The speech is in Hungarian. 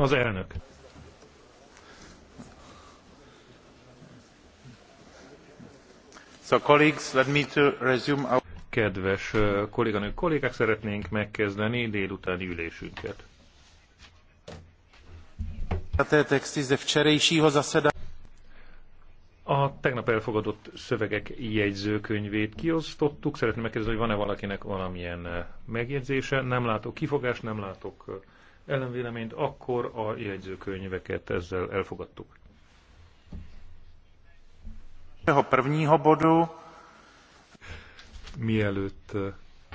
Az elnök. So colleagues, let me to resume our... Kedves kolléganők, kollégák, szeretnénk megkezdeni délutáni ülésünket. Té texty ze včerejšího zasedání tegnap elfogadott szövegek jegyzőkönyvét kiosztottuk. Szeretném megkérdezni, hogy van-e valakinek valamilyen eh, megjegyzése. Nem látok kifogást, nem látok eh, ellenvéleményt. Akkor a jegyzőkönyveket ezzel elfogadtuk. Jeho prvního bodu. Mielőtt eh,